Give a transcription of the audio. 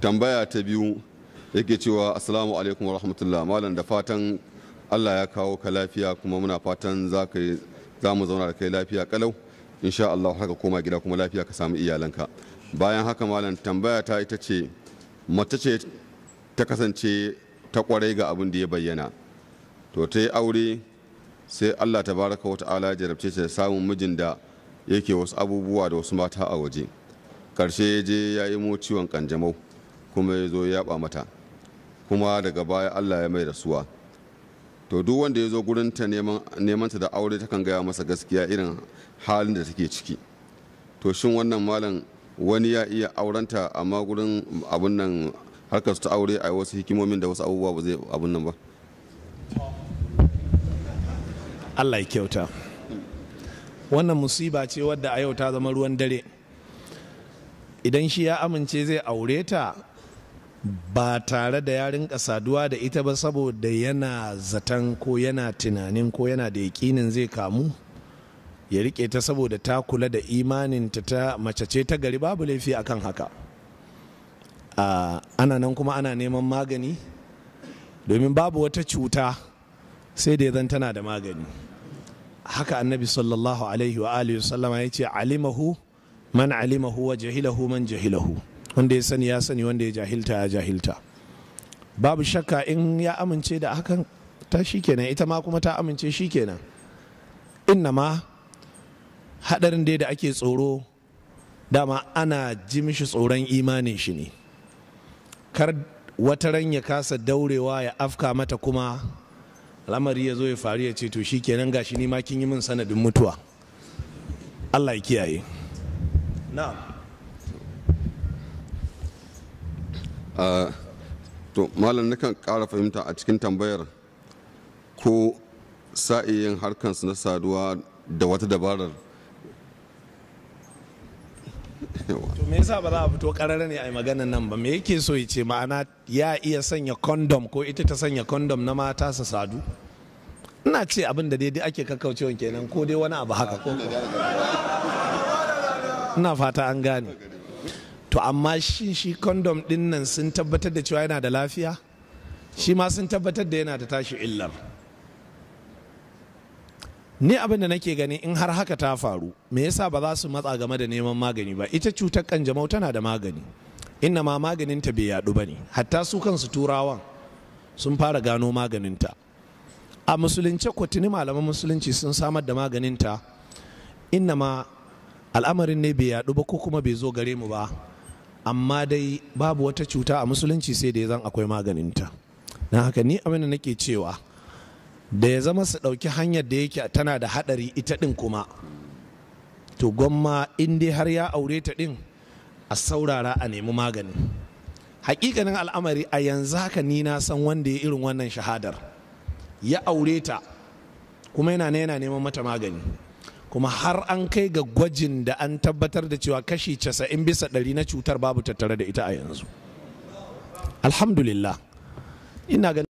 tambaya ta biyu yake cewa assalamu alaikum wa rahmatullah malam da fatan allah ya kawo ka lafiya kuma muna fatan za mu zauna da kai lafiya kalau insha allah haka koma gida kuma lafiya ka samu iyalanka bayan haka malam tambaya ta ita ce mace ce ta kasance ta kwarai ga abin da ya bayyana to ta yi aure sai allah ta baraka wata ala ya jarabce ta samun mijin da yake wasu abubuwa da wasu mata a waje karshe ya je ya imo ciwon kanjamau kuma ya zo ya mata kuma daga baya allah ya mai rasuwa to duk wanda ya zo gurinta ta da aure takan gaya masa gaskiya irin halin da take ciki to shin wannan malam wani ya iya aurenta amma gurin abun nan harkar su ta aure a wasu hikimomin da wasu abubuwa ba zai abun nan ba Allah ya kyauta wannan musiba ce wadda a yau ta zama ruwan dare idan shi ya amince zai aure ta ba tare da yarin rinka saduwa da ita ba saboda yana zaton ko yana tunanin ko yana da yakinin zai kamu ya rike ta saboda ta kula da imaninta ta mace ce ta gari babu laifi akan haka ana nan kuma ana neman magani domin babu wata cuta sai da ya zan tana da magani haka annabi sallallahu alaihi wa alihi sallama ya ce alimahu man alimahu wa jahilahu man jahilahu wanda ya sani ya sani wanda ya jahilta ya jahilta babu shakka in ya amince da hakan ta shikenan ita ma kuma ta amince shikenan inna ma hadarin dai da ake tsoro dama ana ji mishi tsoron imanin shi ne kar wata ran ya kasa daurewa ya afka mata kuma lamari ya zo ya faru ya ce to shi kenan gashi ni ma kin yi min sanadin mutuwa allah ya kiyaye na. to malam nakan ƙara fahimta a cikin tambayar ko sa'iyin harkansu na saduwa da wata dabarar to me yasa ba za a fito karara ne a yi maganan nan ba me yake so ya ce ma'ana ya iya sanya kondom ko ita ta sanya kondom na mata su sadu ina ce abin da daidai ake kakkaucewa kenan ko dai wani abu haka ko ina fata an gane to amma shi shi kondom din nan sun tabbatar da cewa yana da lafiya shi ma sun tabbatar da yana da tashi illar ni abin da nake gani in har haka ta faru me yasa ba za su matsa game da neman magani ba ita cutar kanjamau tana da magani inna ma maganinta bai yadu ba ne hatta su kansu turawan sun fara gano maganinta a musulunce kwatini malaman musulunci sun samar da maganinta inna ma al'amarin ne bai yadu ba ko kuma bai zo gare mu ba amma dai babu wata cuta a musulunci sai da ya zan akwai maganinta na haka ni abin da nake cewa da ya zama su ɗauki hanyar da yake tana da haɗari ita ɗin kuma to gwamma in dai har ya aure ta ɗin a saurara a nemi magani hakikanin al'amari a yanzu haka ni na san wanda ya irin wannan shahadar ya aure ta kuma yana yana neman mata magani kuma har an kai ga gwajin da an tabbatar da cewa kashi casa'in bisa ɗari na cutar babu tattare da ita a yanzu alhamdulillah ina